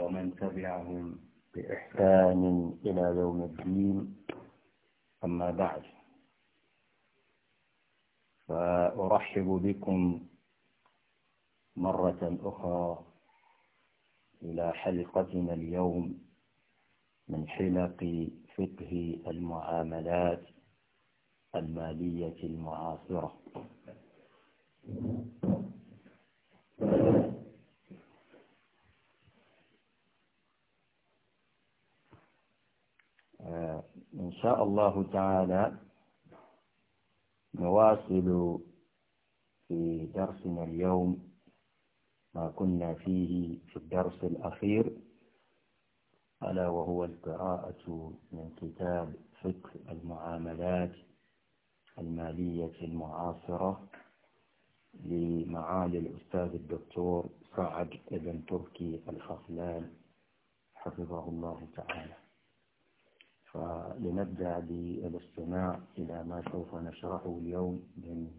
ومن تبعهم بإحسان إلى يوم الدين أما بعد فأرحب بكم مرة أخرى إلى حلقتنا اليوم من حلق فقه المعاملات المالية المعاصرة إن شاء الله تعالى نواصل في درسنا اليوم ما كنا فيه في الدرس الأخير ألا وهو القراءة من كتاب فقه المعاملات المالية المعاصرة لمعالي الأستاذ الدكتور سعد بن تركي الخفلان حفظه الله تعالى فلنبدأ بالاستماع إلى ما سوف نشرحه اليوم من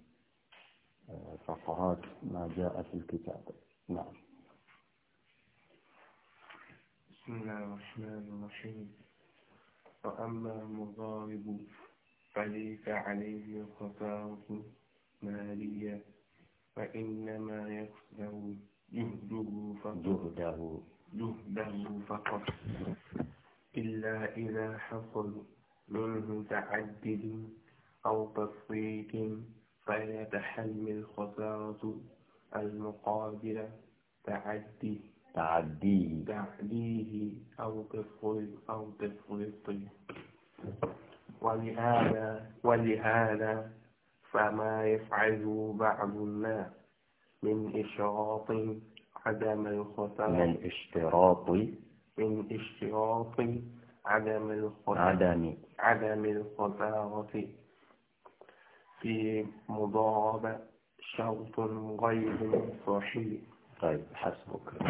آه، فقرات ما جاء في الكتاب نعم بسم الله الرحمن الرحيم وأما المضارب فليس عليه خسارة مالية فإنما يخسر جهده فقط جهده, جهده فقط إلا إذا حصل منه تعدد أو تفريط فيتحمل خسارة المقابلة تعدي تعديه تعديه أو تفريط أو تفريط ولهذا ولهذا فما يفعله بعض الناس من إشراط عدم الخسارة من اشتراط من اشتراط عدم الخطأ عدم عدم الخسارة في مضاربة شرط غير صحيح طيب حسبك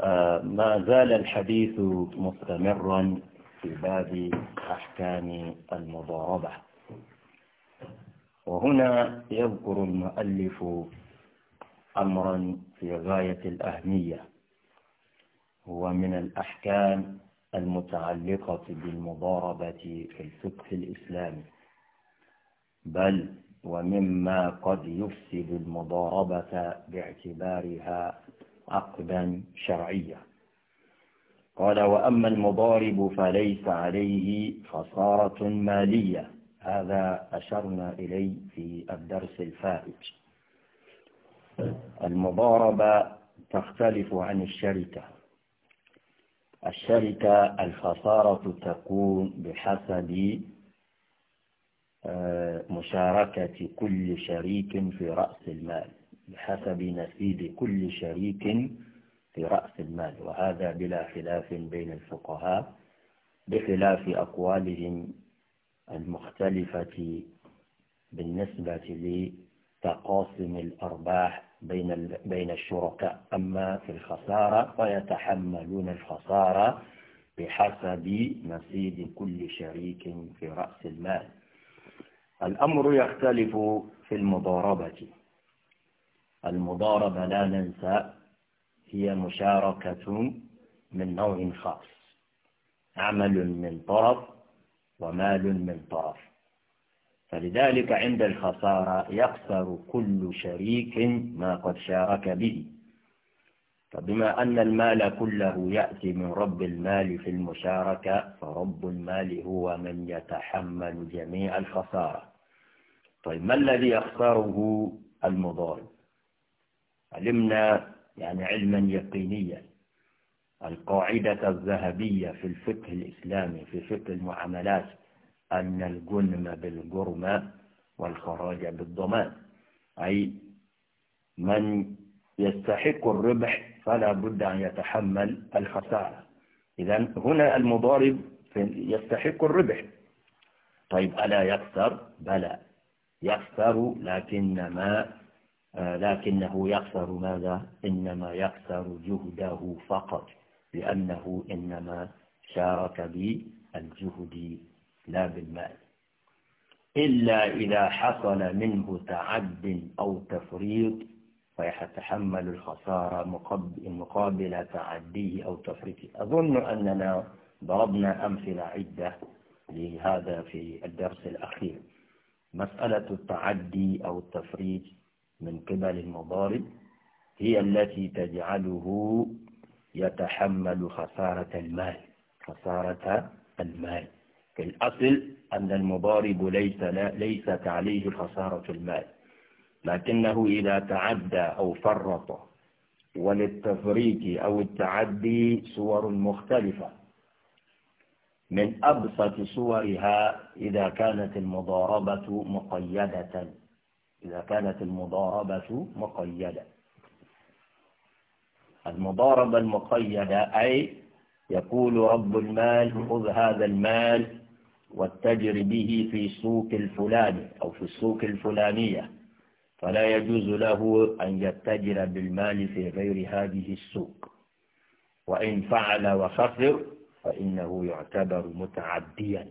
آه ما زال الحديث مستمرا في باب أحكام المضاربة وهنا يذكر المؤلف أمرا في غاية الأهمية ومن الأحكام المتعلقة بالمضاربة في الفقه الإسلامي بل ومما قد يفسد المضاربة باعتبارها عقدا شرعيا قال وأما المضارب فليس عليه خسارة مالية هذا أشرنا إليه في الدرس الفائت المضاربة تختلف عن الشركة الشركة الخسارة تكون بحسب آه، مشاركة كل شريك في رأس المال بحسب نسيب كل شريك في رأس المال وهذا بلا خلاف بين الفقهاء بخلاف أقوالهم المختلفة بالنسبة لتقاسم الأرباح بين بين الشركاء أما في الخسارة فيتحملون الخسارة بحسب نصيب كل شريك في رأس المال الأمر يختلف في المضاربة المضاربة لا ننسى هي مشاركة من نوع خاص عمل من طرف ومال من طرف فلذلك عند الخسارة يخسر كل شريك ما قد شارك به فبما أن المال كله يأتي من رب المال في المشاركة فرب المال هو من يتحمل جميع الخسارة طيب ما الذي يخسره المضارب علمنا يعني علما يقينيا القاعدة الذهبية في الفقه الإسلامي في فقه المعاملات أن الجنم بالجرم والخراج بالضمان أي من يستحق الربح فلا بد أن يتحمل الخسارة إذا هنا المضارب يستحق الربح طيب ألا يخسر بلى يخسر لكنما آه، لكنه يخسر ماذا إنما يخسر جهده فقط لأنه إنما شارك بالجهد لا بالمال إلا إذا حصل منه تعد أو تفريط فيتحمل الخسارة مقابل تعديه أو تفريطه أظن أننا ضربنا أمثلة عدة لهذا في الدرس الأخير مسألة التعدي أو التفريط من قبل المضارب هي التي تجعله يتحمل خسارة المال خسارة المال في الأصل أن المضارب ليس, ليست عليه خسارة المال لكنه إذا تعدى أو فرط وللتفريط أو التعدي صور مختلفة من أبسط صورها إذا كانت المضاربة مقيدة إذا كانت المضاربة مقيدة المضاربة المقيدة أي يقول رب المال خذ هذا المال واتجر به في سوق الفلاني أو في السوق الفلانية فلا يجوز له أن يتجر بالمال في غير هذه السوق وإن فعل وخسر فإنه يعتبر متعديا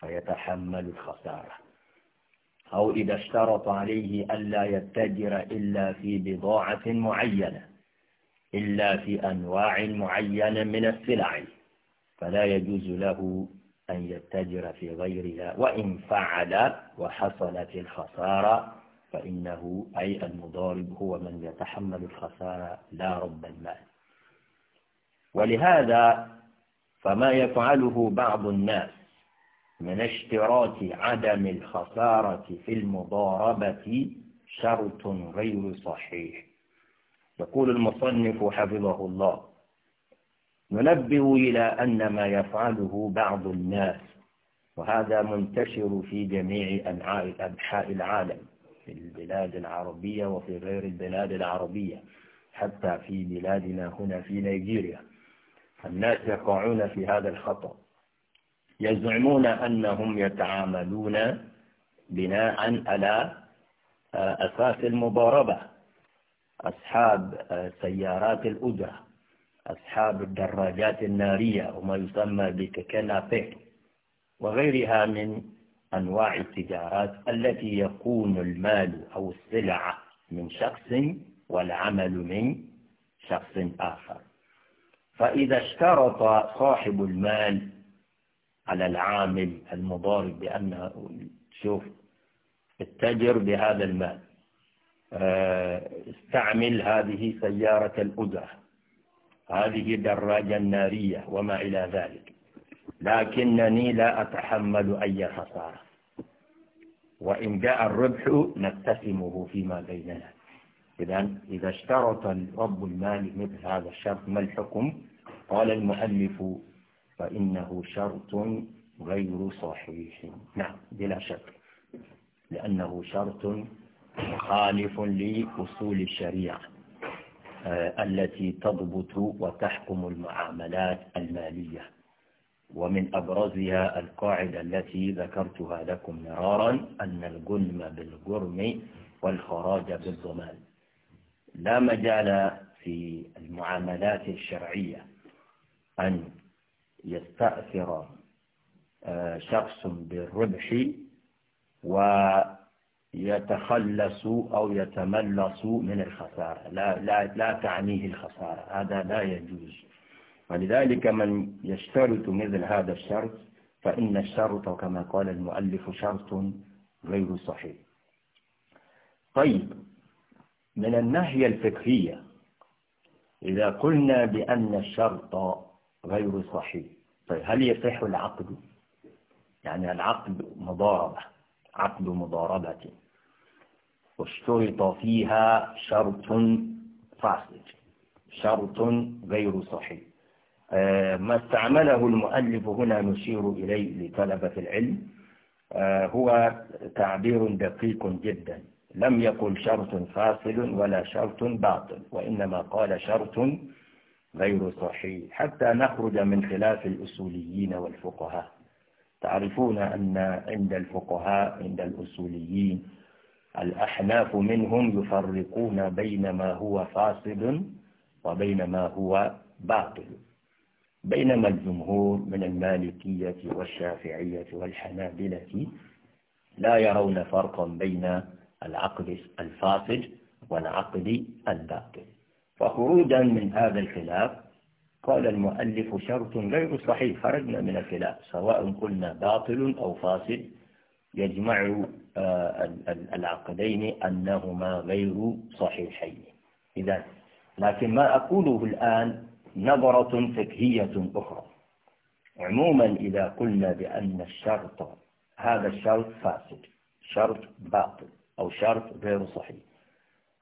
فيتحمل الخسارة أو إذا اشترط عليه ألا يتجر إلا في بضاعة معينة إلا في أنواع معينة من السلع فلا يجوز له أن يتجر في غيرها وإن فعل وحصلت الخسارة فإنه أي المضارب هو من يتحمل الخسارة لا رب المال ولهذا فما يفعله بعض الناس من اشتراط عدم الخسارة في المضاربة شرط غير صحيح يقول المصنف حفظه الله ننبه إلى أن ما يفعله بعض الناس وهذا منتشر في جميع أنحاء أنحاء العالم في البلاد العربية وفي غير البلاد العربية حتى في بلادنا هنا في نيجيريا الناس يقعون في هذا الخطأ يزعمون أنهم يتعاملون بناء على آه، أساس المضاربة أصحاب آه، سيارات الأجرة أصحاب الدراجات النارية وما يسمى بككنافيه وغيرها من أنواع التجارات التي يكون المال أو السلعة من شخص والعمل من شخص آخر فإذا اشترط صاحب المال على العامل المضارب بأنه شوف اتجر بهذا المال آه، استعمل هذه سيارة الأجرة هذه دراجة نارية وما إلى ذلك لكنني لا أتحمل أي خسارة وإن جاء الربح نتسمه فيما بيننا إذا إذا اشترط رب المال مثل هذا الشرط ما الحكم قال المؤلف فإنه شرط غير صحيح نعم بلا شك لأنه شرط مخالف لأصول الشريعة آه، التي تضبط وتحكم المعاملات المالية ومن أبرزها القاعدة التي ذكرتها لكم مرارا أن الجنم بالجرم والخراج بالضمان لا مجال في المعاملات الشرعية أن يستأثر آه، شخص بالربح و يتخلص أو يتملص من الخسارة لا, لا, لا تعنيه الخسارة هذا لا يجوز ولذلك من يشترط مثل هذا الشرط فإن الشرط كما قال المؤلف شرط غير صحيح طيب من الناحية الفقهية إذا قلنا بأن الشرط غير صحيح طيب هل يصح العقد يعني العقد مضاربة عقد مضاربة واشترط فيها شرط فاسد شرط غير صحيح آه، ما استعمله المؤلف هنا نشير إليه لطلبة العلم آه، هو تعبير دقيق جدا لم يقل شرط فاصل ولا شرط باطل وإنما قال شرط غير صحيح حتى نخرج من خلاف الأصوليين والفقهاء تعرفون أن عند الفقهاء عند الأصوليين الأحناف منهم يفرقون بين ما هو فاسد وبين ما هو باطل بينما الجمهور من المالكية والشافعية والحنابلة لا يرون فرقا بين العقل الفاسد والعقل الباطل فخروجا من هذا الخلاف قال المؤلف شرط غير صحيح خرجنا من الخلاف سواء قلنا باطل أو فاسد يجمع آه، العقدين أنهما غير صحيحين إذا لكن ما أقوله الآن نظرة فقهية أخرى عموما إذا قلنا بأن الشرط هذا الشرط فاسد شرط باطل أو شرط غير صحيح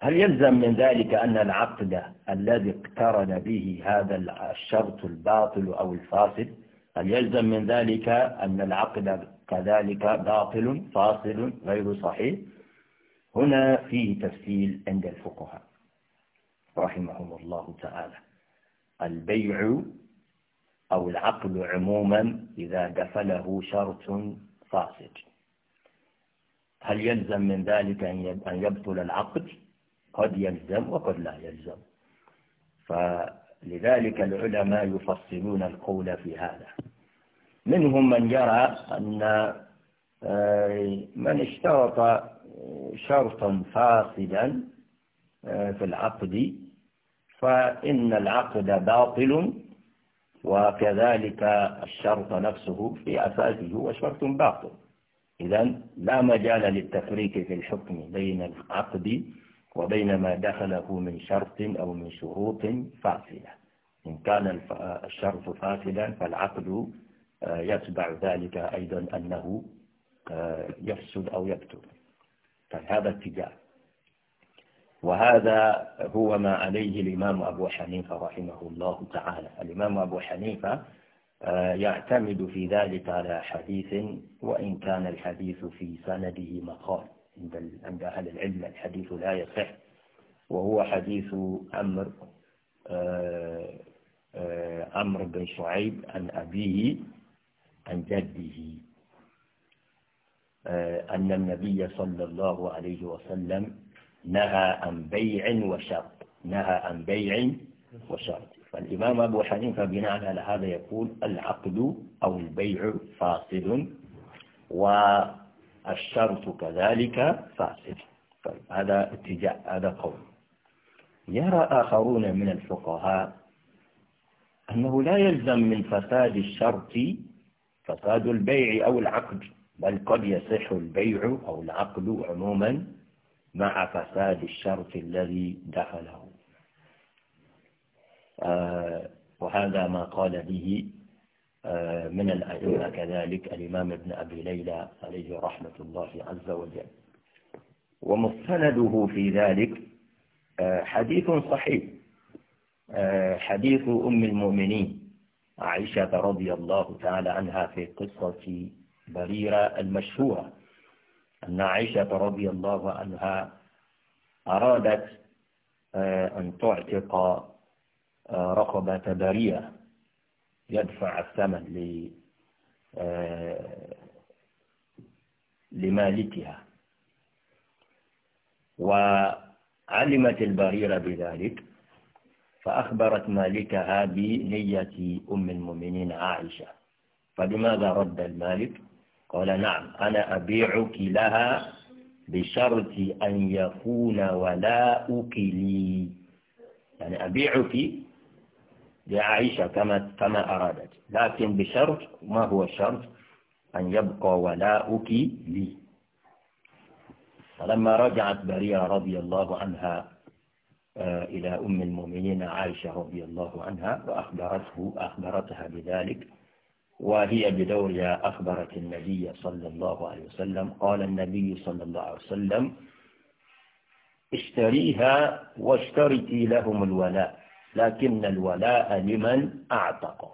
هل يلزم من ذلك أن العقد الذي اقترن به هذا الشرط الباطل أو الفاسد هل يلزم من ذلك أن العقد فذلك باطل فاصل غير صحيح هنا فيه تفصيل عند الفقهاء رحمهم الله تعالى البيع أو العقل عموما إذا دفله شرط فاسد هل يلزم من ذلك أن يبطل العقد قد يلزم وقد لا يلزم فلذلك العلماء يفصلون القول في هذا منهم من يرى أن آه، من اشترط آه، شرطا فاسدا آه، في العقد فإن العقد باطل وكذلك الشرط نفسه في أساسه هو شرط باطل إذا لا مجال للتفريق في الحكم بين العقد وبين ما دخله من شرط أو من شروط فاسدة إن كان الشرط فاسدا فالعقد آه، يتبع ذلك أيضا أنه آه، يفسد أو يبتل فهذا اتجاه وهذا هو ما عليه الإمام أبو حنيفة رحمه الله تعالى الإمام أبو حنيفة آه، يعتمد في ذلك على حديث وإن كان الحديث في سنده مقال عند أهل العلم الحديث لا يصح وهو حديث أمر أمر بن شعيب عن أبيه عن جده آه، أن النبي صلى الله عليه وسلم نهى عن بيع وشرط نهى عن بيع وشرط فالإمام أبو حنيفة بناء على هذا يقول العقد أو البيع فاسد والشرط كذلك فاسد طيب، هذا اتجاه هذا قول يرى آخرون من الفقهاء أنه لا يلزم من فساد الشرط فساد البيع أو العقد بل قد يصح البيع أو العقد عموما مع فساد الشرط الذي دخله آه، وهذا ما قال به آه، من الأئمة كذلك الإمام ابن أبي ليلى عليه رحمة الله عز وجل ومستنده في ذلك آه، حديث صحيح حديث أم المؤمنين عائشة رضي الله تعالى عنها في قصة بريرة المشهورة أن عائشة رضي الله عنها أرادت آه، أن تعتق آه، رقبة بريرة يدفع الثمن آه، لمالكها وعلمت البريرة بذلك فأخبرت مالكها بنية أم المؤمنين عائشة فلماذا رد المالك قال نعم أنا أبيعك لها بشرط أن يكون ولاؤك لي يعني أبيعك لعائشة كما كما أرادت لكن بشرط ما هو الشرط أن يبقى ولاؤك لي فلما رجعت بريرة رضي الله عنها آه، إلى أم المؤمنين عائشة رضي الله عنها وأخبرته أخبرتها بذلك وهي بدورها أخبرت النبي صلى الله عليه وسلم قال النبي صلى الله عليه وسلم اشتريها واشترتي لهم الولاء لكن الولاء لمن أعتق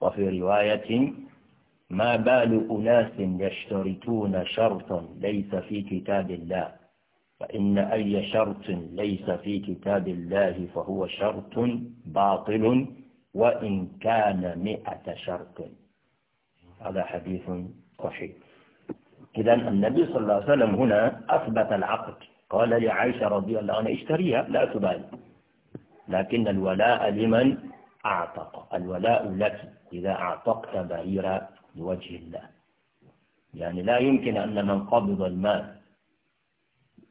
وفي رواية ما بال أناس يشترطون شرطا ليس في كتاب الله فإن أي شرط ليس في كتاب الله فهو شرط باطل وإن كان مئة شرط هذا حديث صحيح إذا النبي صلى الله عليه وسلم هنا أثبت العقد قال لعائشة رضي الله عنها اشتريها لا تبالي لكن الولاء لمن أعتق الولاء لك إذا أعتقت بعير لوجه الله يعني لا يمكن أن من قبض المال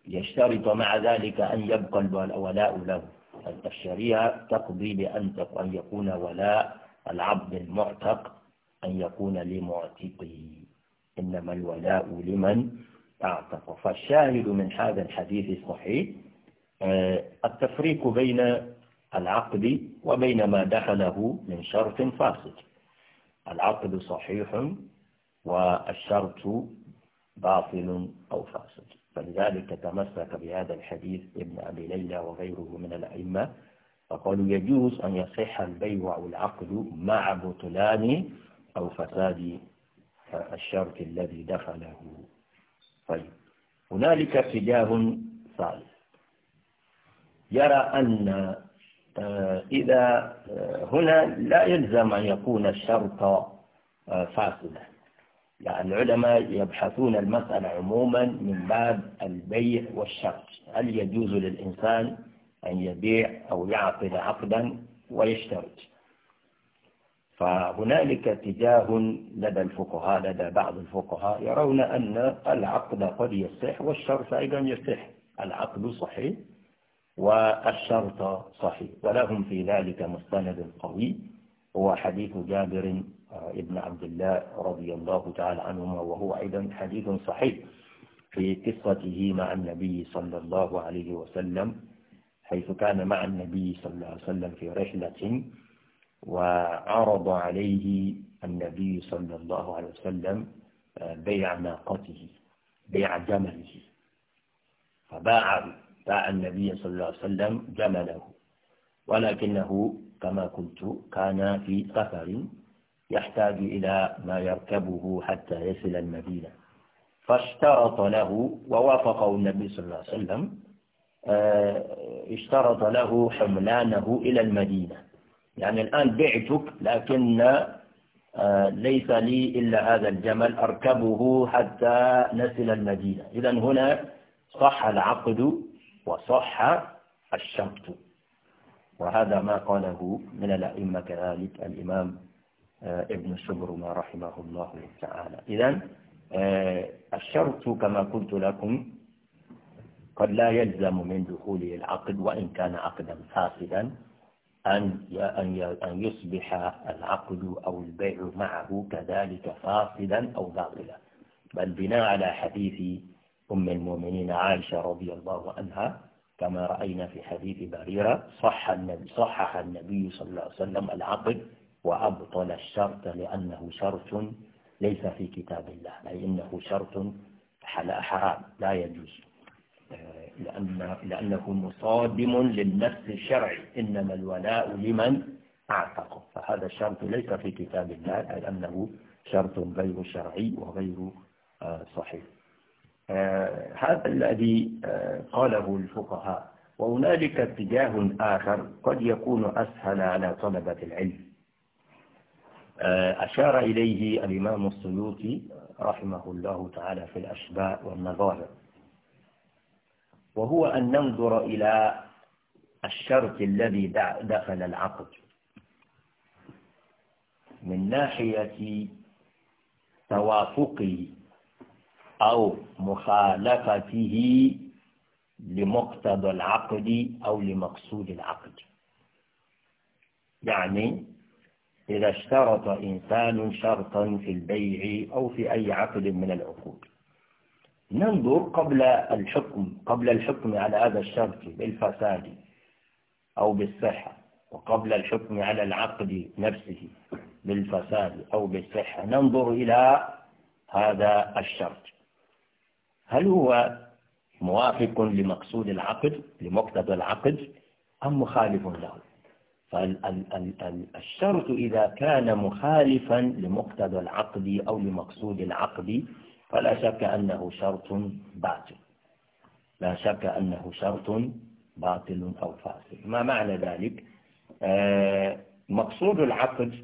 يشترط مع ذلك أن يبقى الولاء له الشريعة تقضي بأن يكون ولاء العبد المعتق أن يكون لمعتقه إنما الولاء لمن أعتق فالشاهد من هذا الحديث الصحيح آه، التفريق بين العقد وبين ما دخله من شرط فاسد العقد صحيح والشرط باطل أو فاسد فلذلك تمسك بهذا الحديث ابن أبي ليلى وغيره من الأئمة فقالوا يجوز أن يصح البيع أو العقد مع بطلان أو فساد الشرط الذي دخله طيب هنالك اتجاه ثالث يرى أن آه، إذا آه، هنا لا يلزم أن يكون الشرط آه، فاسدا يعني العلماء يبحثون المسألة عموما من باب البيع والشرط هل يجوز للإنسان أن يبيع أو يعقد عقدا ويشترط فهنالك اتجاه لدى الفقهاء لدى بعض الفقهاء يرون أن العقد قد يصح والشرط أيضا يصح العقد صحيح والشرط صحيح ولهم في ذلك مستند قوي هو حديث جابر آه، ابن عبد الله رضي الله تعالى عنهما وهو أيضا حديث صحيح في قصته مع النبي صلى الله عليه وسلم حيث كان مع النبي صلى الله عليه وسلم في رحلة وعرض عليه النبي صلى الله عليه وسلم آه، بيع ناقته بيع جمله فباع باع النبي صلى الله عليه وسلم جمله ولكنه كما قلت كان في سفر يحتاج إلى ما يركبه حتى يصل المدينة فاشترط له ووافقه النبي صلى الله عليه وسلم آه، اشترط له حملانه إلى المدينة يعني الآن بعتك لكن آه، ليس لي إلا هذا الجمل أركبه حتى نصل المدينة إذا هنا صح العقد وصح الشرط وهذا ما قاله من الأئمة كذلك الإمام آه، ابن سبرما رحمه الله تعالى إذا آه، الشرط كما قلت لكم قد لا يلزم من دخوله العقد وإن كان عقدا فاسدا أن أن يصبح العقد أو البيع معه كذلك فاسدا أو باطلا بل بناء على حديث أم المؤمنين عائشة رضي الله عنها كما رأينا في حديث بريرة صح النبي صحح النبي صلى الله عليه وسلم العقد وأبطل الشرط لأنه شرط ليس في كتاب الله أي إنه شرط حرام لا يجوز آه، لأن لأنه مصادم للنفس الشرعي إنما الولاء لمن أعتقه فهذا الشرط ليس في كتاب الله أي أنه شرط غير شرعي وغير آه، صحيح آه، هذا الذي آه، قاله الفقهاء وهنالك اتجاه آخر قد يكون أسهل على طلبة العلم آه، أشار إليه الإمام السيوطي رحمه الله تعالى في الأشباء والنظائر وهو أن ننظر إلى الشرط الذي دخل العقد من ناحية توافقه أو مخالفته لمقتضى العقد أو لمقصود العقد يعني إذا اشترط إنسان شرطا في البيع أو في أي عقد من العقود ننظر قبل الحكم قبل الحكم على هذا الشرط بالفساد أو بالصحة وقبل الحكم على العقد نفسه بالفساد أو بالصحة ننظر إلى هذا الشرط هل هو موافق لمقصود العقد لمقتضى العقد أم مخالف له فالشرط إذا كان مخالفا لمقتضى العقد أو لمقصود العقد فلا شك أنه شرط باطل لا شك أنه شرط باطل أو فاسد ما معنى ذلك آه، مقصود العقد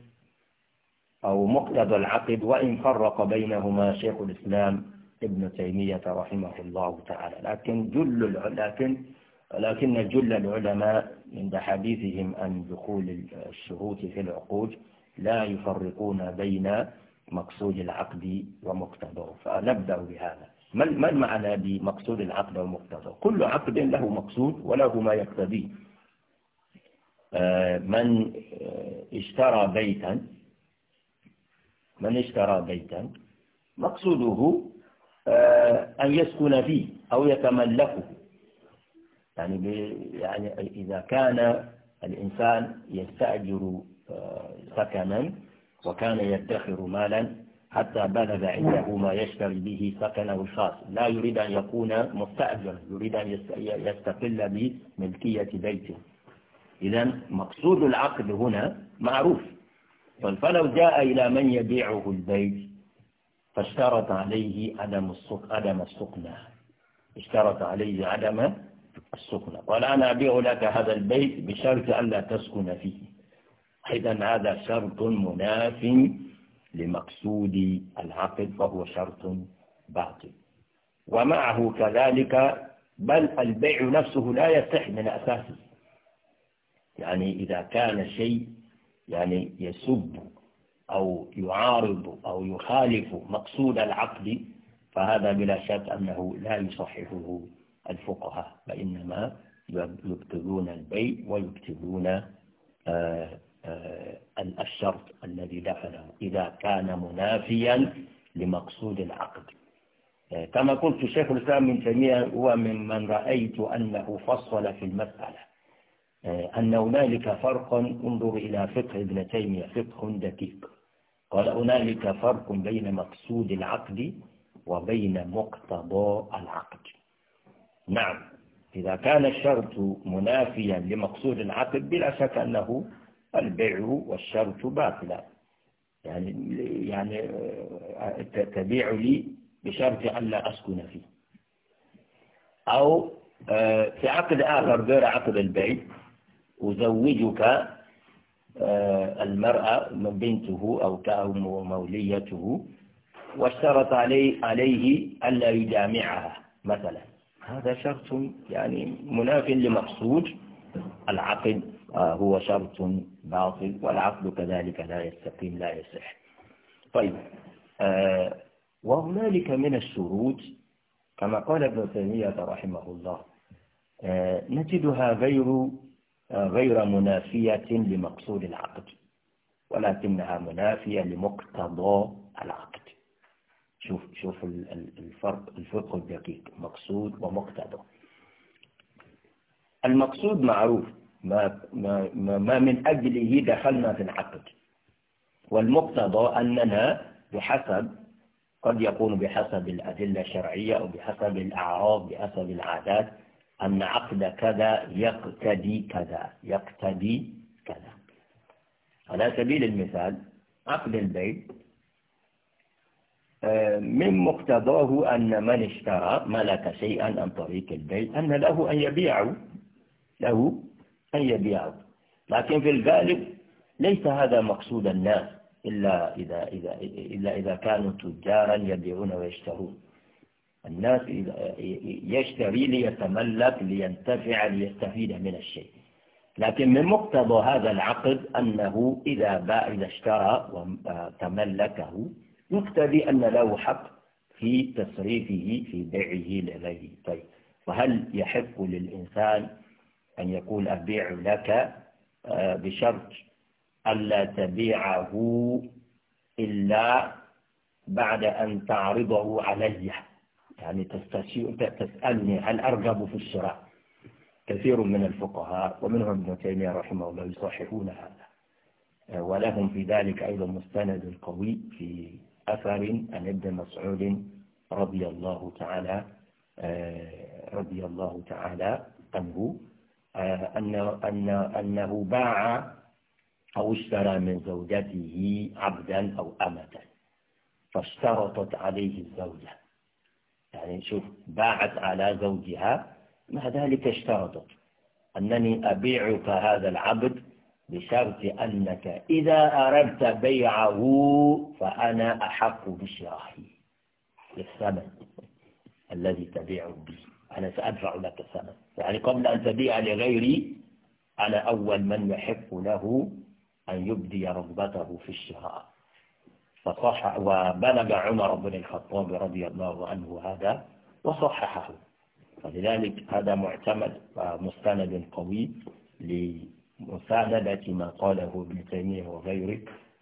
أو مقتضى العقد وإن فرق بينهما شيخ الإسلام ابن تيمية رحمه الله تعالى لكن جل لكن لكن جل العلماء عند حديثهم عن دخول الشهود في العقود لا يفرقون بين مقصود العقد ومقتضاه فنبدأ بهذا ما ما المعنى بمقصود العقد ومقتضاه كل عقد له مقصود وله ما يقتضيه آه، من اشترى بيتا من اشترى بيتا مقصوده آه، أن يسكن فيه أو يتملكه يعني يعني إذا كان الإنسان يستأجر آه، سكنا وكان يدخر مالا حتى بلغ عنده ما يشتري به سكنه الخاص لا يريد أن يكون مستأجر يريد أن يستقل بملكية بيته إذا مقصود العقد هنا معروف فلو جاء إلى من يبيعه البيت فاشترط عليه عدم عدم السكنة اشترط عليه عدم السكنة قال أنا أبيع لك هذا البيت بشرط ألا تسكن فيه إذا هذا شرط مناف لمقصود العقد فهو شرط باطل ومعه كذلك بل البيع نفسه لا يصح من أساسه يعني إذا كان شيء يعني يسب أو يعارض أو يخالف مقصود العقد فهذا بلا شك أنه لا يصححه الفقهاء فإنما يبتدون البيع ويبتدون آه، آه، الشرط الذي دخله إذا كان منافيا لمقصود العقد آه، كما قلت شيخ الإسلام ابن تيمية هو ممن رأيت أنه فصل في المسألة أن هنالك فرق انظر إلى فقه ابن تيمية فقه دقيق قال هنالك فرق بين مقصود العقد وبين مقتضى العقد نعم إذا كان الشرط منافيا لمقصود العقد بلا شك أنه البيع والشرط باطلا يعني يعني تبيع لي بشرط أن لا أسكن فيه أو آه، في عقد آخر غير عقد البيع أزوجك آه، المرأة من بنته أو كأم موليته واشترط عليه عليه ألا يجامعها مثلا هذا شرط يعني مناف لمقصود العقد آه، هو شرط باطل والعقد كذلك لا يستقيم لا يصح طيب آه، وهنالك من الشروط كما قال ابن تيمية رحمه الله نجدها غير غير منافية لمقصود العقد ولكنها منافية لمقتضى العقد شوف شوف الفرق الفقه الدقيق مقصود ومقتضى المقصود معروف ما, ما, ما من أجله دخلنا في العقد والمقتضى أننا بحسب قد يكون بحسب الأدلة الشرعية أو بحسب الأعراض بحسب العادات أن عقد كذا يقتدي كذا يقتدي كذا على سبيل المثال عقد البيت آه، من مقتضاه أن من اشترى ملك شيئا عن طريق البيت أن له أن يبيعه له أن يبيعه لكن في الغالب ليس هذا مقصود الناس إلا إذا, إذا, إلا إذا كانوا تجارا يبيعون ويشترون الناس يشتري ليتملك لينتفع ليستفيد من الشيء لكن من مقتضى هذا العقد أنه إذا باع إذا اشترى وتملكه يقتضي أن له حق في تصريفه في بيعه لغيره طيب وهل يحق للإنسان أن يقول أبيع لك آه، بشرط ألا تبيعه إلا بعد أن تعرضه علي يعني تسألني هل أرغب في الشراء كثير من الفقهاء ومنهم ابن تيمية رحمه الله يصححون هذا آه، ولهم في ذلك أيضا مستند قوي في أثر عن ابن مسعود رضي الله تعالى آه، رضي الله تعالى عنه آه، أن أنه باع أو اشترى من زوجته عبدا أو أمة فاشترطت عليه الزوجة يعني شوف باعت على زوجها مع ذلك اشترطت أنني أبيعك هذا العبد بشرط أنك إذا أردت بيعه فأنا أحق بشرائه للثمن الذي تبيع به أنا سأدفع لك الثمن يعني قبل أن تبيع لغيري أنا أول من يحق له أن يبدي رغبته في الشراء فصح وبلغ عمر بن الخطاب رضي الله عنه هذا وصححه فلذلك هذا معتمد ومستند قوي لمساندة ما قاله ابن تيمية وغيره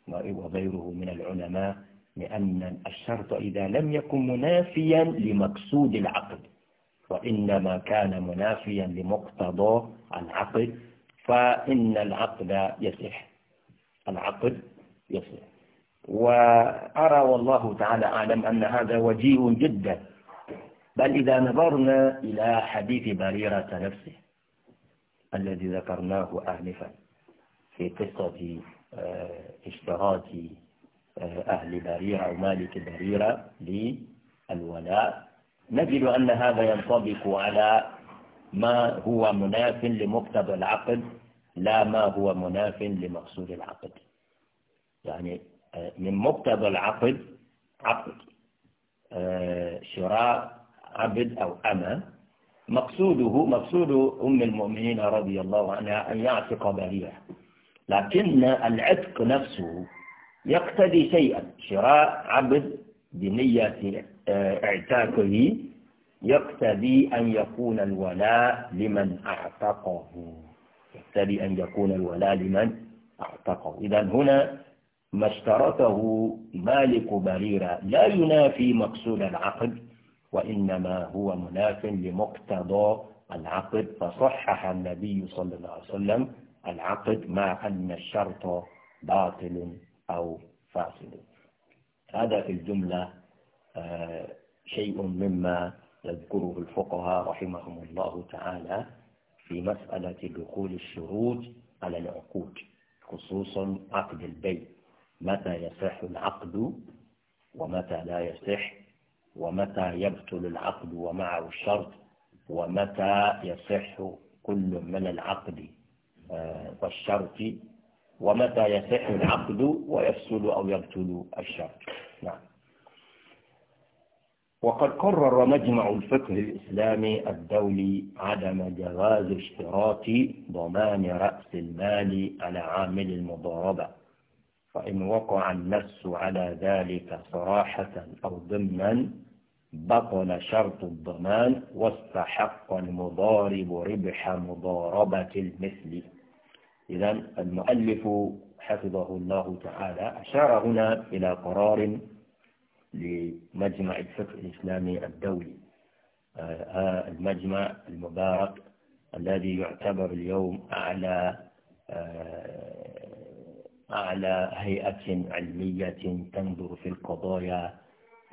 وغيره من العلماء لأن الشرط إذا لم يكن منافيا لمقصود العقد وإنما كان منافيا لمقتضى العقد فإن العقد يصح العقد يصح وأرى والله تعالى أعلم أن هذا وجيه جدا بل إذا نظرنا إلى حديث بريرة نفسه الذي ذكرناه آنفا في قصة آه، اشتراك آه، أهل بريرة ومالك بريرة للولاء نجد أن هذا ينطبق على ما هو مناف لمقتضى العقد لا ما هو مناف لمقصود العقد يعني آه، من مقتضى العقد عقد آه، شراء عبد أو أمة مقصوده مقصود أم المؤمنين رضي الله عنها أن يعتق بريئة لكن العتق نفسه يقتضي شيئا شراء عبد بنية آه، اعتاقه يقتضي أن يكون الولاء لمن أعتقه يقتضي أن يكون الولاء لمن أعتقه إذا هنا ما اشترطه مالك بريرة لا ينافي مقصود العقد وإنما هو مناف لمقتضى العقد فصحح النبي صلى الله عليه وسلم العقد مع أن الشرط باطل أو فاسد هذا في الجملة آه، شيء مما يذكره الفقهاء رحمهم الله تعالى في مسألة دخول الشروط على العقود خصوصا عقد البيت متى يصح العقد ومتى لا يصح ومتى يبطل العقد ومعه الشرط ومتى يصح كل من العقد آه، والشرط ومتى يصح العقد ويفسد أو يبطل الشرط نعم وقد قرر مجمع الفقه الإسلامي الدولي عدم جواز اشتراط ضمان رأس المال على عامل المضاربة فإن وقع النفس على ذلك صراحة أو ضمنا بطل شرط الضمان واستحق المضارب ربح مضاربة المثل إذا المؤلف حفظه الله تعالى أشار هنا إلى قرار لمجمع الفقه الإسلامي الدولي آه، المجمع المبارك الذي يعتبر اليوم أعلى آه، أعلى هيئة علمية تنظر في القضايا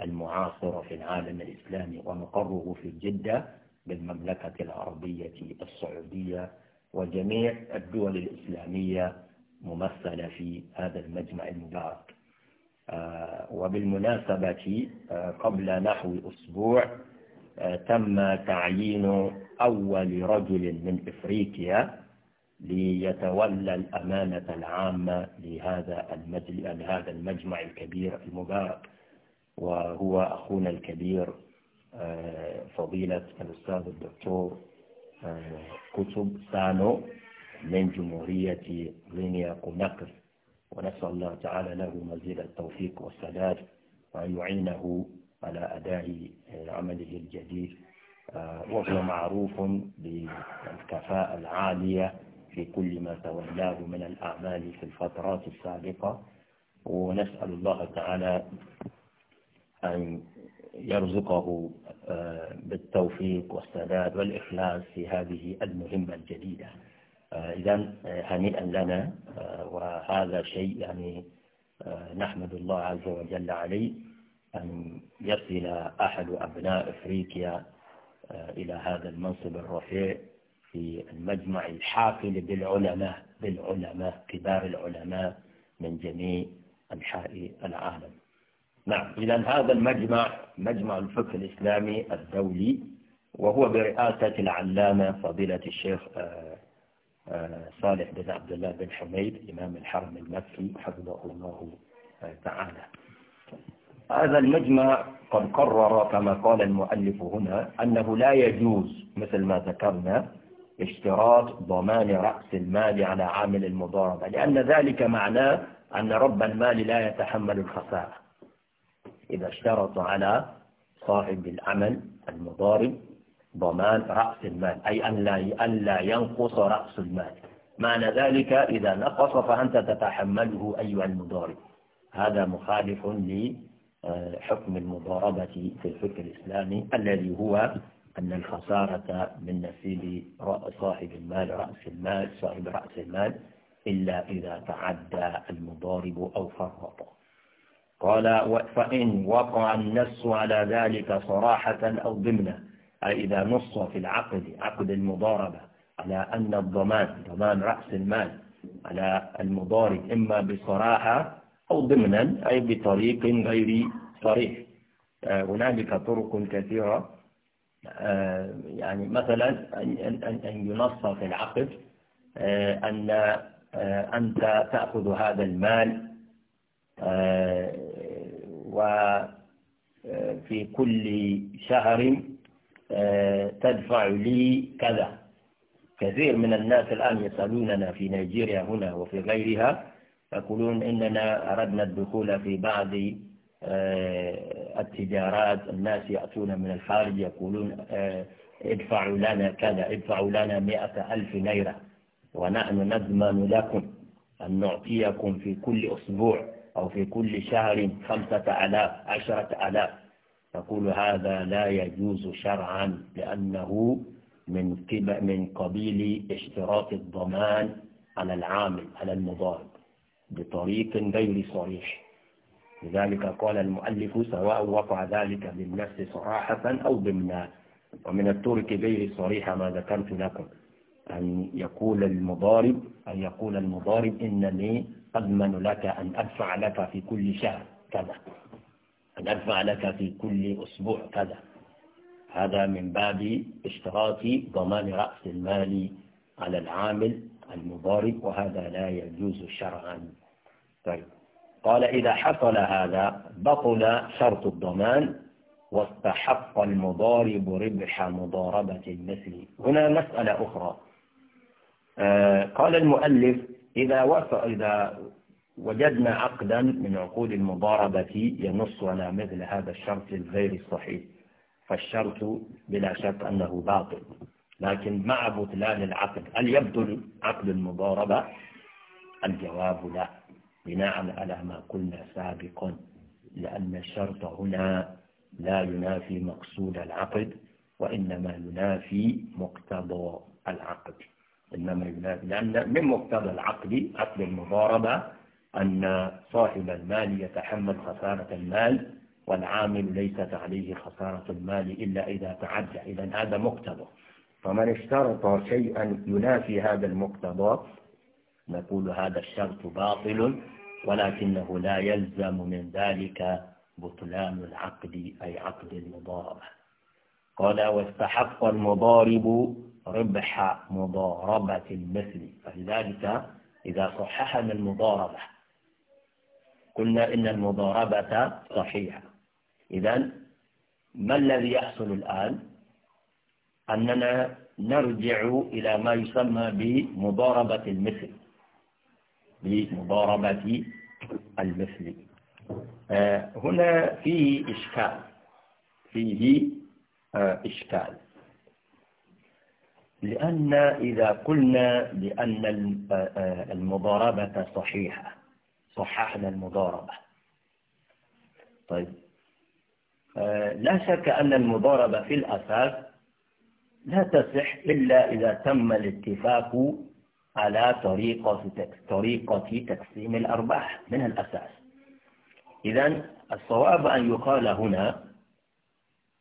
المعاصرة في العالم الإسلامي ومقره في جدة بالمملكة العربية السعودية وجميع الدول الإسلامية ممثلة في هذا المجمع المبارك آه، وبالمناسبة آه، قبل نحو أسبوع آه، تم تعيين أول رجل من إفريقيا ليتولى الأمانة العامة لهذا لهذا المجمع الكبير المبارك وهو أخونا الكبير آه، فضيلة الأستاذ الدكتور آه، كتب سانو من جمهورية غينيا قنقر ونسأل الله تعالى له مزيد التوفيق والسداد وأن يعينه على أداء آه، عمله الجديد وهو معروف بالكفاءة العالية في كل ما تولاه من الأعمال في الفترات السابقة ونسأل الله تعالى أن يرزقه آه، بالتوفيق والسداد والإخلاص في هذه المهمة الجديدة آه، إذا آه، هنيئا لنا وهذا شيء يعني نحمد الله عز وجل عليه أن يصل أحد أبناء أفريقيا إلى هذا المنصب الرفيع في المجمع الحافل بالعلماء بالعلماء كبار العلماء من جميع أنحاء العالم نعم إذا هذا المجمع مجمع الفقه الإسلامي الدولي وهو برئاسة العلامة فضيلة الشيخ آه، آه، صالح بن عبد الله بن حميد إمام الحرم المكي حفظه الله تعالى هذا المجمع قد قرر كما قال المؤلف هنا أنه لا يجوز مثل ما ذكرنا اشتراط ضمان رأس المال على عامل المضاربة لأن ذلك معناه أن رب المال لا يتحمل الخسارة إذا اشترط على صاحب العمل المضارب ضمان رأس المال أي أن لا لا ينقص رأس المال معنى ذلك إذا نقص فأنت تتحمله أيها المضارب هذا مخالف لحكم المضاربة في الفكر الإسلامي الذي هو أن الخسارة من نسيب صاحب المال رأس المال صاحب رأس المال إلا إذا تعدى المضارب أو فرط قال فإن وقع النص على ذلك صراحة أو ضمنا أي إذا نص في العقد عقد المضاربة على أن الضمان ضمان رأس المال على المضارب إما بصراحة أو ضمنا أي بطريق غير صريح آه، هنالك طرق كثيرة آه، يعني مثلا أن ينص في العقد آه، أن آه، أنت تأخذ هذا المال وفي كل شهر تدفع لي كذا كثير من الناس الآن يسألوننا في نيجيريا هنا وفي غيرها يقولون إننا أردنا الدخول في بعض آه، التجارات الناس يأتون من الخارج يقولون آه، ادفعوا لنا كذا ادفعوا لنا مئة ألف ليرة ونحن نضمن لكم أن نعطيكم في كل أسبوع أو في كل شهر خمسة ألاف عشرة ألاف تقول هذا لا يجوز شرعا لأنه من من قبيل اشتراط الضمان على العامل على المضارب بطريق غير صريح لذلك قال المؤلف سواء وقع ذلك بالنفس صراحة أو ضمنا ومن الترك غير الصريح ما ذكرت لكم أن يقول المضارب أن يقول المضارب إنني أضمن لك أن أدفع لك في كل شهر كذا أن أدفع لك في كل أسبوع كذا هذا من باب اشتراط ضمان رأس المال على العامل المضارب وهذا لا يجوز شرعا طيب قال إذا حصل هذا بطل شرط الضمان واستحق المضارب ربح مضاربة المثل هنا مسألة أخرى آه، قال المؤلف إذا, إذا وجدنا عقدا من عقود المضاربة ينص على مثل هذا الشرط الغير الصحيح فالشرط بلا شك أنه باطل لكن مع بطلان العقد هل يبطل عقد المضاربة الجواب لا بناء على ما قلنا سابقا لأن الشرط هنا لا ينافي مقصود العقد وإنما ينافي مقتضى العقد إنما ينافي لأن من مقتضى العقد عقد المضاربة أن صاحب المال يتحمل خسارة المال والعامل ليست عليه خسارة المال إلا إذا تعدى إذا هذا مقتضى فمن اشترط شيئا ينافي هذا المقتضى نقول هذا الشرط باطل ولكنه لا يلزم من ذلك بطلان العقد أي عقد المضاربة قال واستحق المضارب ربح مضاربة المثل فلذلك إذا صححنا المضاربة قلنا إن المضاربة صحيحة إذا ما الذي يحصل الآن أننا نرجع إلى ما يسمى بمضاربة المثل لمضاربة المثل آه، هنا فيه إشكال فيه آه، إشكال لأن إذا قلنا بأن آه، المضاربة صحيحة صححنا المضاربة طيب لا شك أن المضاربة في الأساس لا تصح إلا إذا تم الاتفاق على طريقة طريقة تقسيم الأرباح من الأساس إذا الصواب أن يقال هنا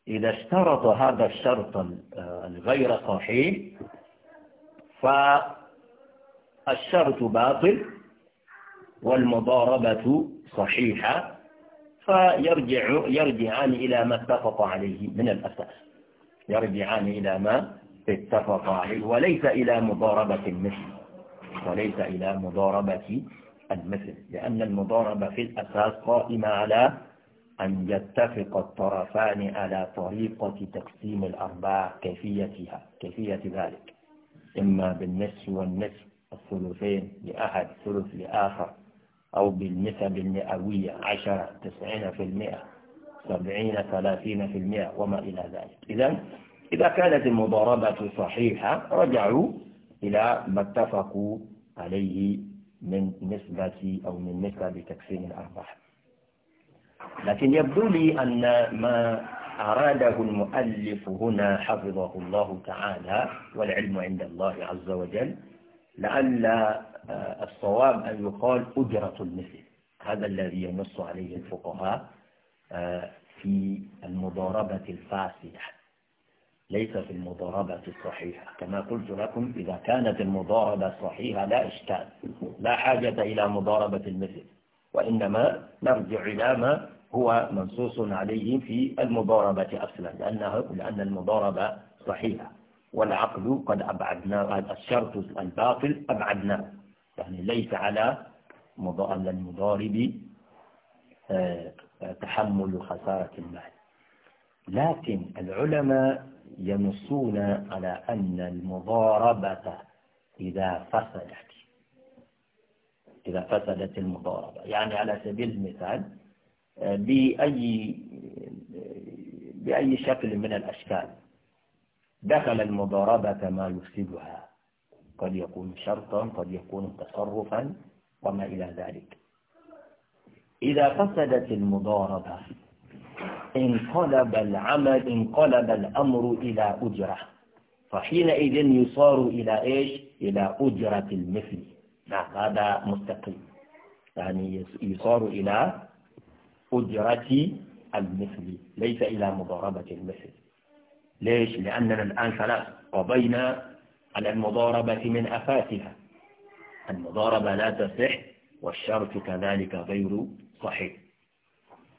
إذا اشترط هذا الشرط الغير صحيح فالشرط باطل والمضاربة صحيحة فيرجع يرجعان إلى ما اتفق عليه من الأساس يرجعان إلى ما اتفق عليه وليس إلى مضاربة مثل وليس إلى مضاربة المثل لأن المضاربة في الأساس قائمة على أن يتفق الطرفان على طريقة تقسيم الأرباع كيفيتها كيفية ذلك إما بالنصف والنصف الثلثين لأحد ثلث لآخر أو بالنسب المئوية عشرة تسعين في المئة سبعين ثلاثين في المئة وما إلى ذلك إذا إذا كانت المضاربة صحيحة رجعوا إلى ما اتفقوا عليه من نسبة أو من نسبة تقسيم الأرباح لكن يبدو لي أن ما أراده المؤلف هنا حفظه الله تعالى والعلم عند الله عز وجل لعل آه، الصواب أن يقال أجرة المثل هذا الذي ينص عليه الفقهاء آه، في المضاربة الفاسدة ليس في المضاربة الصحيحة كما قلت لكم إذا كانت المضاربة صحيحة لا إشكال لا حاجة إلى مضاربة المثل وإنما نرجع إلى ما هو منصوص عليه في المضاربة أصلا لأنه لأن المضاربة صحيحة والعقل قد أبعدناه الشرط الباطل أبعدناه يعني ليس على المضارب آه، تحمل خسارة المال لكن العلماء ينصون على أن المضاربة إذا فسدت إذا فسدت المضاربة يعني على سبيل المثال آه، بأي بأي شكل من الأشكال دخل المضاربة ما يفسدها قد يكون شرطا قد يكون تصرفا وما إلى ذلك إذا فسدت المضاربة انقلب العمل انقلب الأمر إلى أجرة فحينئذ يصار إلى إيش إلى أجرة المثل نعم هذا مستقيم يعني يصار إلى أجرة المثل ليس إلى مضاربة المثل ليش؟ لأننا الآن خلاص قضينا على المضاربة من أفاتها المضاربة لا تصح والشرط كذلك غير صحيح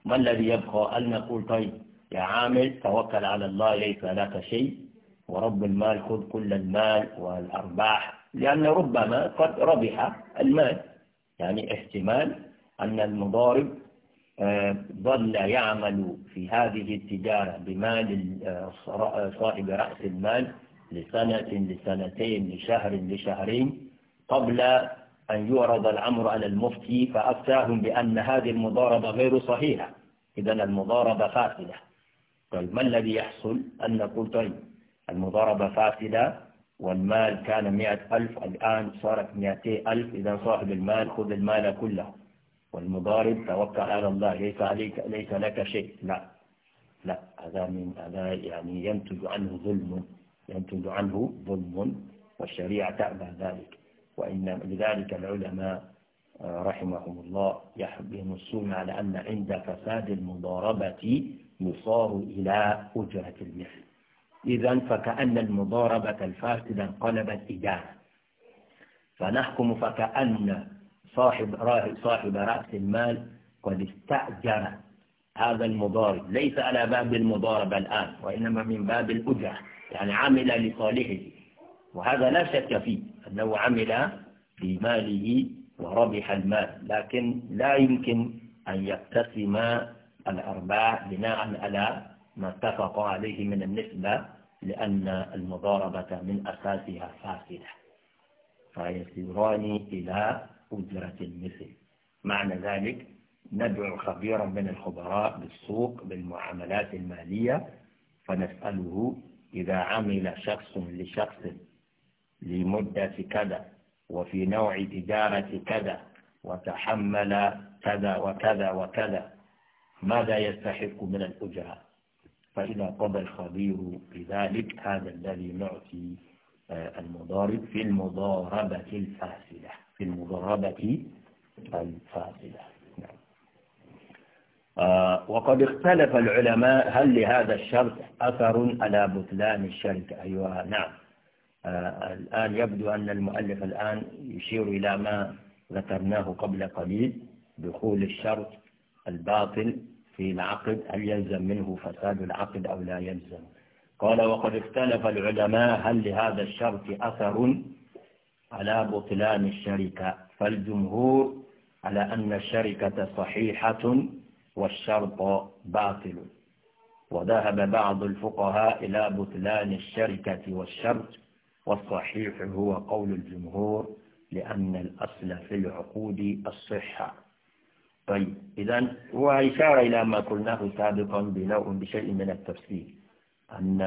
ما الذي يبقى أن نقول طيب يا عامل توكل على الله ليس لك شيء ورب المال خذ كل المال والأرباح لأن ربما قد ربح المال يعني احتمال أن المضارب ظل آه، يعمل في هذه التجارة بمال آه، صاحب رأس المال لسنة لسنتين لشهر لشهرين قبل أن يعرض الأمر على المفتي فأفتاهم بأن هذه المضاربة غير صحيحة إذا المضاربة فاسدة طيب ما الذي يحصل أن نقول طيب المضاربة فاسدة والمال كان مئة ألف الآن صارت مئتي ألف إذا صاحب المال خذ المال كله والمضارب توكل على الله ليس عليك ليس لك شيء لا لا هذا من هذا يعني ينتج عنه ظلم ينتج عنه ظلم والشريعة تأبى ذلك وإن لذلك العلماء آه، رحمهم الله ينصون على أن عند فساد المضاربة يصار إلى أجرة المثل إذا فكأن المضاربة الفاسدة انقلبت إجارة فنحكم فكأن صاحب صاحب رأس المال قد استأجر هذا المضارب ليس على باب المضاربة الآن وإنما من باب الأجرة يعني عمل لصالحه وهذا لا شك فيه لو عمل في ماله وربح المال لكن لا يمكن أن يقتسم الأرباح بناء على ما اتفق عليه من النسبة لأن المضاربة من أساسها فاسدة فيسيران إلى أجرة المثل معنى ذلك ندعو خبيرا من الخبراء بالسوق بالمعاملات المالية فنسأله إذا عمل شخص لشخص لمدة كذا وفي نوع تجارة كذا وتحمل كذا وكذا وكذا ماذا يستحق من الأجرة فإذا قضى الخبير بذلك هذا الذي نعطي آه، المضارب في المضاربة الفاسدة في المضاربة الفاسدة نعم. آه، وقد اختلف العلماء هل لهذا الشرط أثر على بطلان الشرك أيها نعم آه، الآن يبدو أن المؤلف الآن يشير إلى ما ذكرناه قبل قليل دخول الشرط الباطل في العقد هل يلزم منه فساد العقد أو لا يلزم قال وقد اختلف العلماء هل لهذا الشرط أثر على بطلان الشركة فالجمهور على أن الشركة صحيحة والشرط باطل وذهب بعض الفقهاء إلى بطلان الشركة والشرط والصحيح هو قول الجمهور لأن الأصل في العقود الصحة طيب إذا هو إشارة إلى ما قلناه سابقا بنوع بشيء من التفسير أن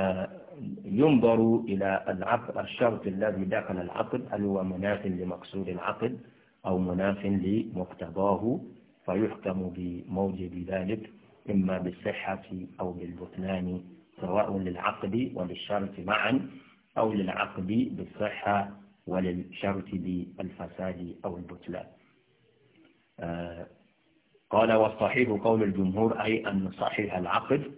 ينظر إلى العقد الشرط الذي دخل العقد هل هو مناف لمقصود العقد أو مناف لمقتضاه فيحكم بموجب ذلك إما بالصحة أو بالبطلان سواء للعقد وللشرط معا أو للعقد بالصحة وللشرط بالفساد أو البطلان آه قال والصحيح قول الجمهور أي أن نصحح العقد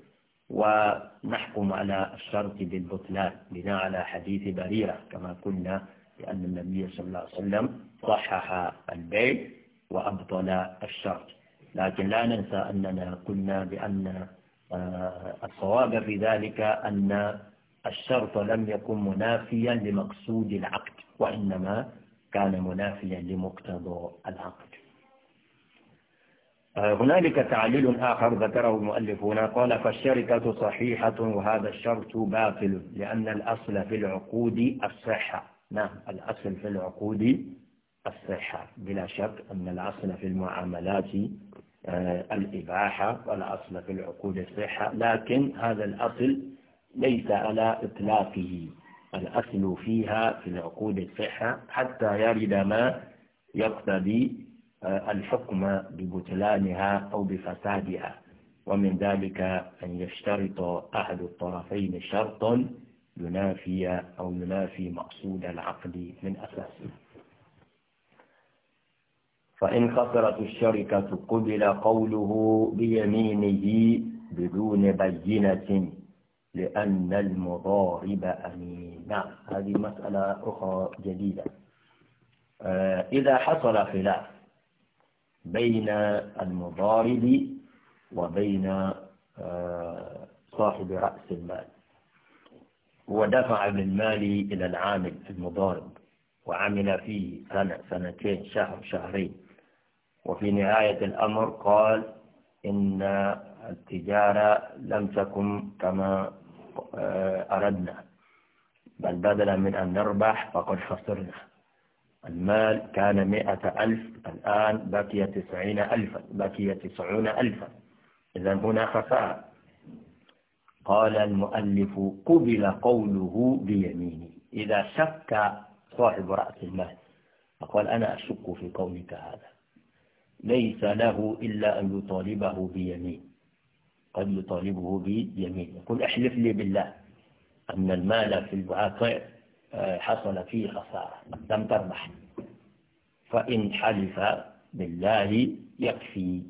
ونحكم على الشرط بالبطلان بناء على حديث بريرة كما قلنا لأن النبي صلى الله عليه وسلم صحح البيع وأبطل الشرط لكن لا ننسى أننا قلنا بأن آه، الصواب في ذلك أن الشرط لم يكن منافيا لمقصود العقد وإنما كان منافيا لمقتضى العقد آه، هنالك تعليل آخر ذكره المؤلفون قال فالشركة صحيحة وهذا الشرط باطل لأن الأصل في العقود الصحة نعم الأصل في العقود الصحة بلا شك أن الأصل في المعاملات آه، الإباحة والأصل في العقود الصحة لكن هذا الأصل ليس على إطلاقه الأصل فيها في العقود الصحة حتى يرد ما يقتضي آه، الحكم ببطلانها أو بفسادها ومن ذلك أن يشترط أحد الطرفين شرطا ينافي أو ينافي مقصود العقد من أساسه فإن خسرت الشركة قبل قوله بيمينه بدون بينة لأن المضارب أمين نعم هذه مسألة أخرى جديدة آه، إذا حصل خلاف بين المضارب وبين آه، صاحب رأس المال ودفع بالمال إلى العامل المضارب وعمل فيه سنة سنتين شهر شهرين وفي نهاية الأمر قال إن التجارة لم تكن كما آه، أردنا بل بدلا من أن نربح فقد خسرنا المال كان مئة ألف الآن بقي تسعين ألفا بقي تسعون ألفا إذا هنا خسارة قال المؤلف قبل قوله بيمينه إذا شك صاحب رأس المال فقال أنا أشك في قولك هذا ليس له إلا أن يطالبه بيمين قد يطالبه بيمين يقول احلف لي بالله أن المال في الواقع آه، حصل فيه خسارة لم تربح فإن حلف بالله يكفي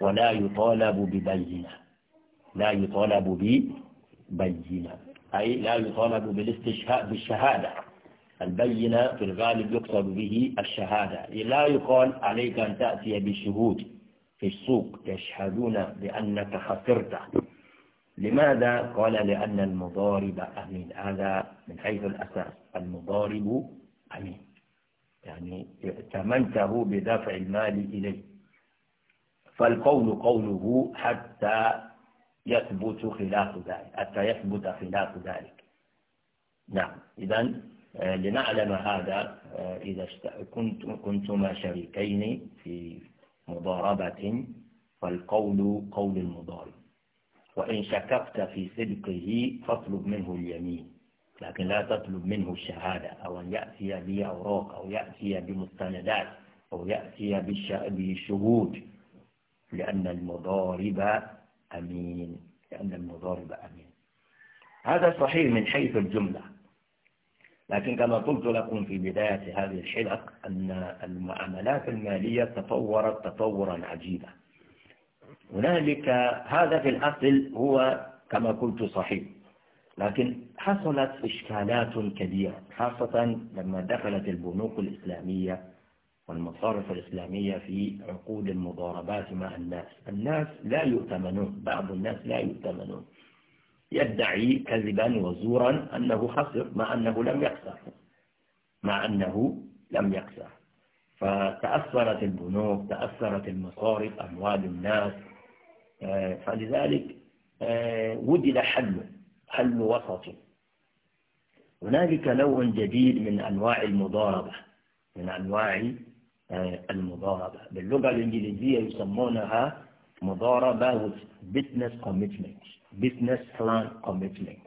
ولا يطالب ببينة لا يطالب ببينة أي لا يطالب بالاستشهاد بالشهادة البينة في الغالب يقصد به الشهادة لا يقال عليك أن تأتي بشهود في السوق يشهدون بأنك خسرت لماذا؟ قال لأن المضارب أمين هذا من حيث الأساس المضارب أمين يعني ائتمنته بدفع المال إليه فالقول قوله حتى يثبت خلاف ذلك حتى يثبت خلاف ذلك نعم إذا آه، لنعلم هذا آه، إذا كنتما شريكين في مضاربة فالقول قول المضارب وإن شككت في صدقه فاطلب منه اليمين لكن لا تطلب منه الشهادة أو أن يأتي بأوراق أو يأتي بمستندات أو يأتي بشهود لأن المضارب أمين لأن المضارب أمين هذا صحيح من حيث الجملة لكن كما قلت لكم في بداية هذه الحلقة أن المعاملات المالية تطورت تطورا عجيبا هنالك هذا في الأصل هو كما قلت صحيح لكن حصلت إشكالات كبيرة خاصة لما دخلت البنوك الإسلامية والمصارف الإسلامية في عقود المضاربات مع الناس الناس لا يؤتمنون بعض الناس لا يؤتمنون يدعي كذبا وزورا أنه خسر مع أنه لم يخسر مع أنه لم يخسر فتأثرت البنوك تأثرت المصارف أموال الناس آه، فلذلك آه، وجد حل حل وسطي هنالك نوع جديد من أنواع المضاربة من أنواع آه، المضاربة باللغة الإنجليزية يسمونها مضاربة with business business plan commitment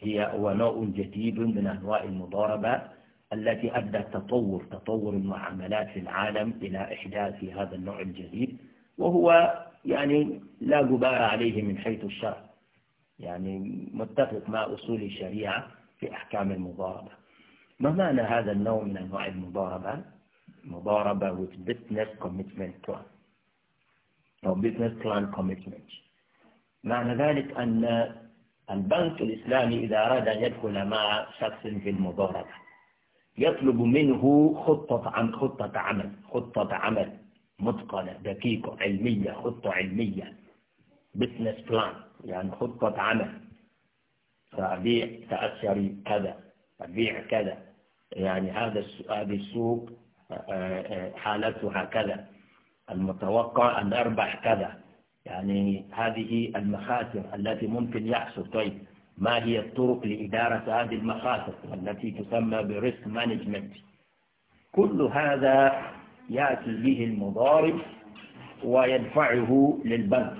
هي هو نوع جديد من أنواع المضاربة التي أدى تطور تطور المعاملات في العالم إلى إحداث هذا النوع الجديد وهو يعني لا غبار عليه من حيث الشرع يعني متفق مع أصول الشريعة في أحكام المضاربة ما معنى هذا النوع من أنواع المضاربة مضاربة with business commitment plan أو business plan commitment معنى ذلك أن البنك الإسلامي إذا أراد أن يدخل مع شخص في المضاربة يطلب منه خطة عن خطة عمل خطة عمل متقنة دقيقة علمية خطة علمية بزنس بلان يعني خطة عمل فأبيع تأثري كذا أبيع كذا يعني هذا هذه السوق حالتها كذا المتوقع أن أربح كذا يعني هذه المخاسر التي ممكن يحصل طيب ما هي الطرق لإدارة هذه المخاسر التي تسمى بريسك مانجمنت كل هذا يأتي به المضارب ويدفعه للبنك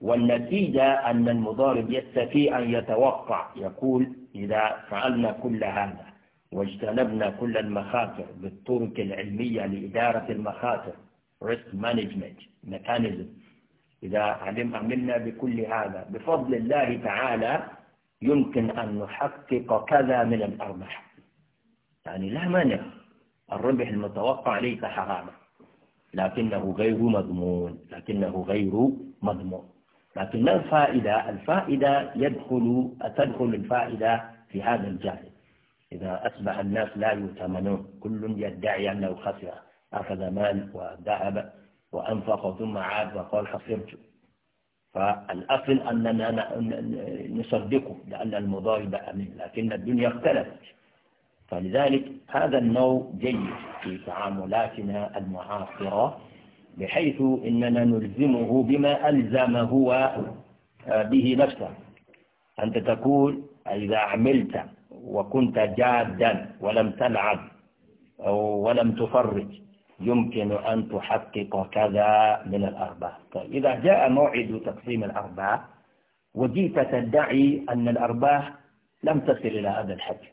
والنتيجة أن المضارب يستطيع أن يتوقع يقول إذا فعلنا كل هذا واجتنبنا كل المخاطر بالطرق العلمية لإدارة المخاطر risk management mechanism إذا علم منا بكل هذا بفضل الله تعالى يمكن أن نحقق كذا من الأرباح يعني لا مانع الربح المتوقع ليس حراما لكنه غير مضمون لكنه غير مضمون لكن ما الفائدة الفائدة يدخل تدخل الفائدة في هذا الجانب إذا أصبح الناس لا يؤتمنون كل يدعي أنه خسر أخذ مال وذهب وأنفق ثم عاد وقال حصرت فالأصل أننا نصدقه لأن المضارب أمين لكن الدنيا اختلفت فلذلك هذا النوع جيد في تعاملاتنا المعاصرة بحيث إننا نلزمه بما ألزم هو به نفسه أنت تقول إذا عملت وكنت جادا ولم تلعب ولم تفرج يمكن أن تحقق كذا من الأرباح طيب إذا جاء موعد تقسيم الأرباح وجيت تدعي أن الأرباح لم تصل إلى هذا الحجم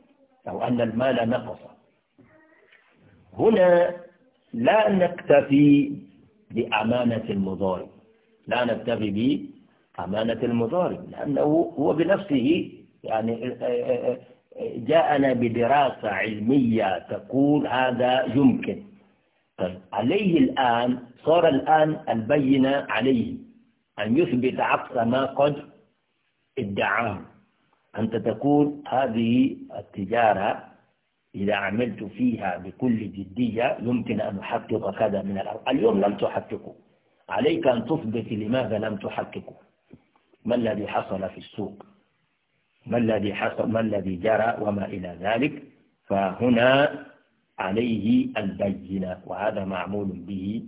أو أن المال نقص هنا لا نكتفي بأمانة المضارب لا نكتفي بأمانة المضارب لأنه هو بنفسه يعني آه، آه، آه، جاءنا بدراسة علمية تقول هذا يمكن طيب، عليه الآن صار الآن البينة عليه أن يثبت عكس ما قد ادعاه أنت تقول هذه التجارة إذا عملت فيها بكل جدية يمكن أن أحقق كذا من الأرض اليوم لم تحققه عليك أن تثبت لماذا لم تحققه ما الذي حصل في السوق ما الذي حصل ما الذي جرى وما إلى ذلك فهنا عليه البينة وهذا معمول به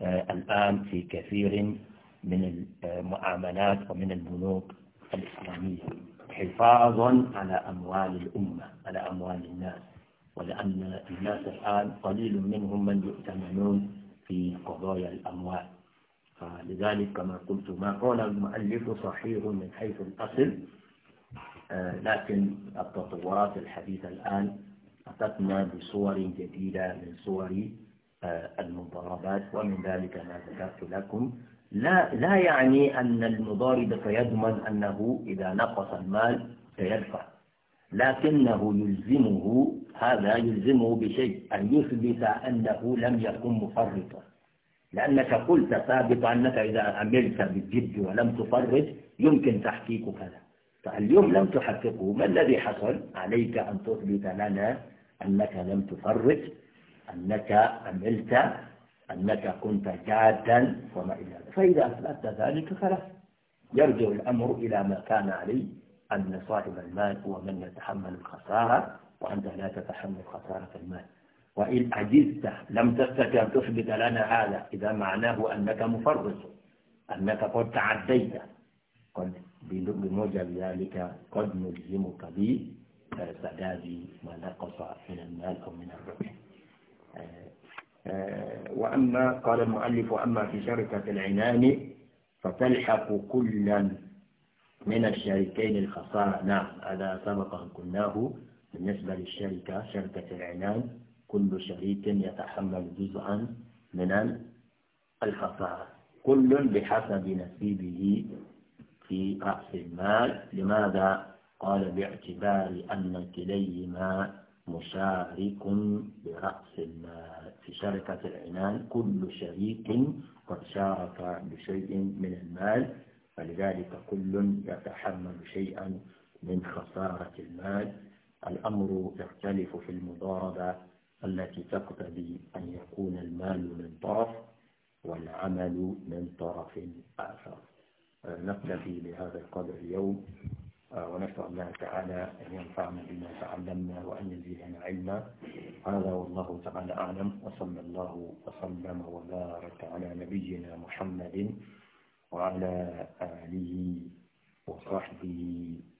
آه، الآن في كثير من المعاملات ومن البنوك الإسلامية حفاظا على أموال الأمة على أموال الناس ولأن الناس الآن قليل منهم من يؤتمنون في قضايا الأموال فلذلك كما قلت ما قال المؤلف صحيح من حيث الأصل آه، لكن التطورات الحديثة الآن أتتنا بصور جديدة من صور آه، المضاربات ومن ذلك ما ذكرت لكم لا, لا يعني أن المضارب سيضمن أنه إذا نقص المال سيدفع لكنه يلزمه هذا يلزمه بشيء أن يثبت أنه لم يكن مفرطا لأنك قلت سابقا أنك إذا عملت بالجد ولم تفرط يمكن تحقيق كذا فاليوم لم تحققه ما الذي حصل عليك أن تثبت لنا أنك لم تفرط أنك عملت أنك كنت جادا وما إلى ذلك فإذا أثبتت ذلك خلاص يرجع الأمر إلى ما كان عليه أن صاحب المال هو من يتحمل الخسارة وأنت لا تتحمل خسارة المال وإن عجزت لم تستطع أن تثبت لنا هذا إذا معناه أنك مفرط أنك قد تعديت قد بموجب ذلك قد نلزمك بسداد آه، ما نقص من المال أو من الربح آه، آه، وأما قال المؤلف وأما في شركة العنان فتلحق كلا من الشريكين الخسارة نعم هذا سبق أن قلناه بالنسبة للشركة شركة العنان كل شريك يتحمل جزءا من الخسارة كل بحسب نصيبه في رأس المال لماذا؟ قال باعتبار أن كليهما مشارك برأس المال في شركة العنان كل شريك قد شارك بشيء من المال فلذلك كل يتحمل شيئا من خسارة المال الأمر يختلف في المضاربة التي تقتضي أن يكون المال من طرف والعمل من طرف آخر نقتفي بهذا القدر اليوم آه، ونسأل الله تعالى أن ينفعنا بما تعلمنا وأن يزيدنا علما هذا والله تعالى أعلم وصلى الله وسلم وبارك على نبينا محمد وعلى آله وصحبه